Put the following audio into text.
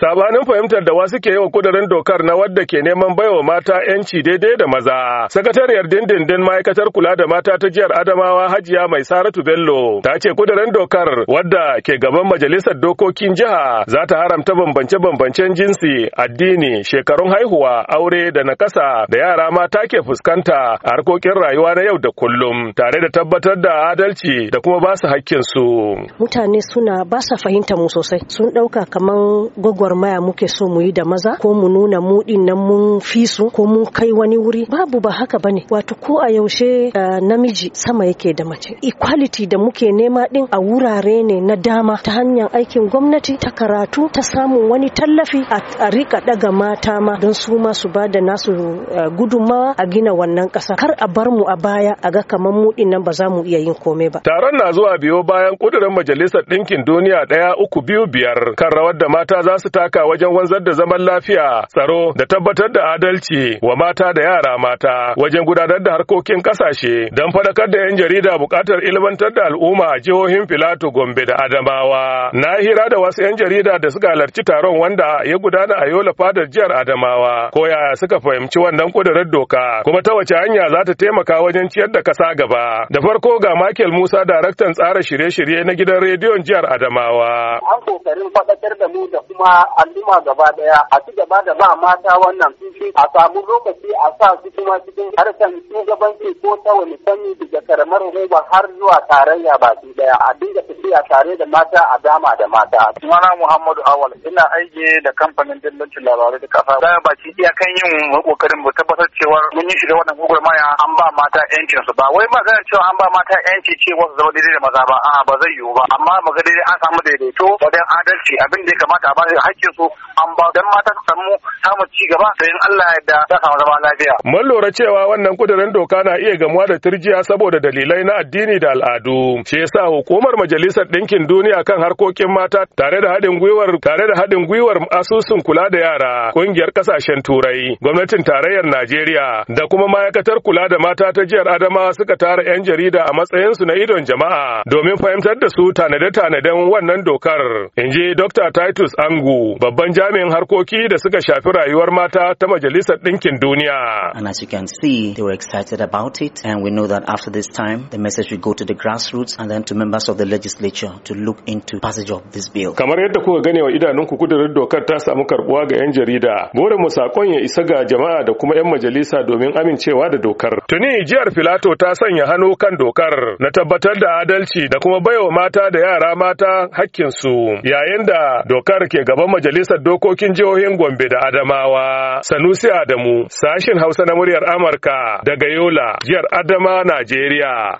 sabanin fahimtar da wasu ke yawa kudirin dokar na wadda ke neman baiwa mata yanci daidai da maza sakatariyar dindindin ma'aikatar kula da mata ta jihar adamawa hajiya mai saratu bello ta ce kudirin dokar wadda ke gaban majalisar dokokin jiha za ta haramta bambance-bambancen jinsi addini shekarun haihuwa aure da nakasa da yara mata ke fuskanta a harkokin rayuwa na yau da kullum tare da tabbatar da adalci da kuma ba su hakkinsu mutane suna ba sa fahimta mu sosai sun ɗauka kamar gwagwa gwagwarmaya muke so mu yi da maza ko mu nuna mu nan mun fi su ko mun kai wani wuri babu ba haka bane wato ko a yaushe eh, namiji sama yake da mace equality da muke nema din a wurare ne na dama ta hanyar aikin gwamnati ta karatu ta samun wani tallafi a rika daga mata ma don su ma su bada nasu uh, eh, gudunmawa a gina wannan kasa kar a bar mu a baya a ga kamar mu nan ba za mu iya yin komai ba taron na zuwa biyo bayan kudurin majalisar ɗinkin duniya ɗaya uku biyu biyar kan rawar da mata za su taka wajen wanzar da zaman lafiya, tsaro da tabbatar da adalci wa mata da yara mata wajen gudanar da harkokin kasashe don faɗakar da 'yan jarida buƙatar ilmantar da al'umma a jihohin Filato, Gombe da Adamawa. Na hira da wasu 'yan jarida da suka halarci taron wanda ya gudana a Yola fadar jihar Adamawa. Ko yaya suka fahimci wannan kudurar doka kuma ta wace hanya za ta taimaka wajen ciyar da kasa gaba. Da farko ga Michael Musa daraktan tsara shirye-shirye na gidan rediyon jihar Adamawa. An kokarin fadakar da mu da kuma a al'umma gaba daya a ci gaba da ba mata wannan ce a samu lokaci a sa su kuma cikin Harshen shugabanci ko ta wani fanni daga karamar hukuma har zuwa tarayya baki daya a dinga tafiya tare da mata a dama da mata. Sunana Muhammadu Awal ina aiki da kamfanin dillancin labarai da kasa. Da baki kan yin kokarin mu tabbatar cewa mun yi shiga wannan gwagwarmaya an ba mata yancin su ba wai magana cewa an ba mata yanci cewa su zama daidai da maza ba a'a ba zai yiwu ba amma maga daidai an samu daidaito wajen adalci abin da ya kamata a ba su hakkin su an ba dan mata su samu samun ci gaba da yin Allah yadda ta samu zama lafiya. Mun lura cewa wannan kudirin doka na iya gamuwa da turjiya saboda dalilai na addini da al'adu. Shi yasa hukumar Majalisar Ɗinkin Duniya kan harkokin mata tare da haɗin gwiwar tare da haɗin gwiwar asusun kula da yara, ƙungiyar ƙasashen Turai, gwamnatin tarayyar Najeriya da kuma ma'aikatar kula da mata ta jihar Adamawa suka tara 'yan jarida a matsayinsu na idon jama'a domin fahimtar da su tanade-tanaden wannan dokar. In ji Dr. Titus Angu, babban jami'in harkoki da suka shafi rayuwar mata ta Majalisar Ɗinkin Duniya. And as you can see, they were excited about it and we know that after this time the message will go to the grassroots and then to members of the legislature to look into passage of this bill. Kamar yadda kuka gane wa ku kudurin dokar ta samu karbuwa ga 'yan jarida. bore mu sakon ya isa ga jama'a da kuma 'yan majalisa domin amincewa da dokar. Tuni jihar Filato ta sanya hannu kan dokar na tabbatar da adalci da kuma baiwa mata da yara mata hakkinsu yayin da dokar ke gaban majalisar dokokin jihohin Gombe da Adamawa. Sannan Sanusi Adamu, sashin Hausa na muryar Amurka daga Yola, jihar Adama, Najeriya.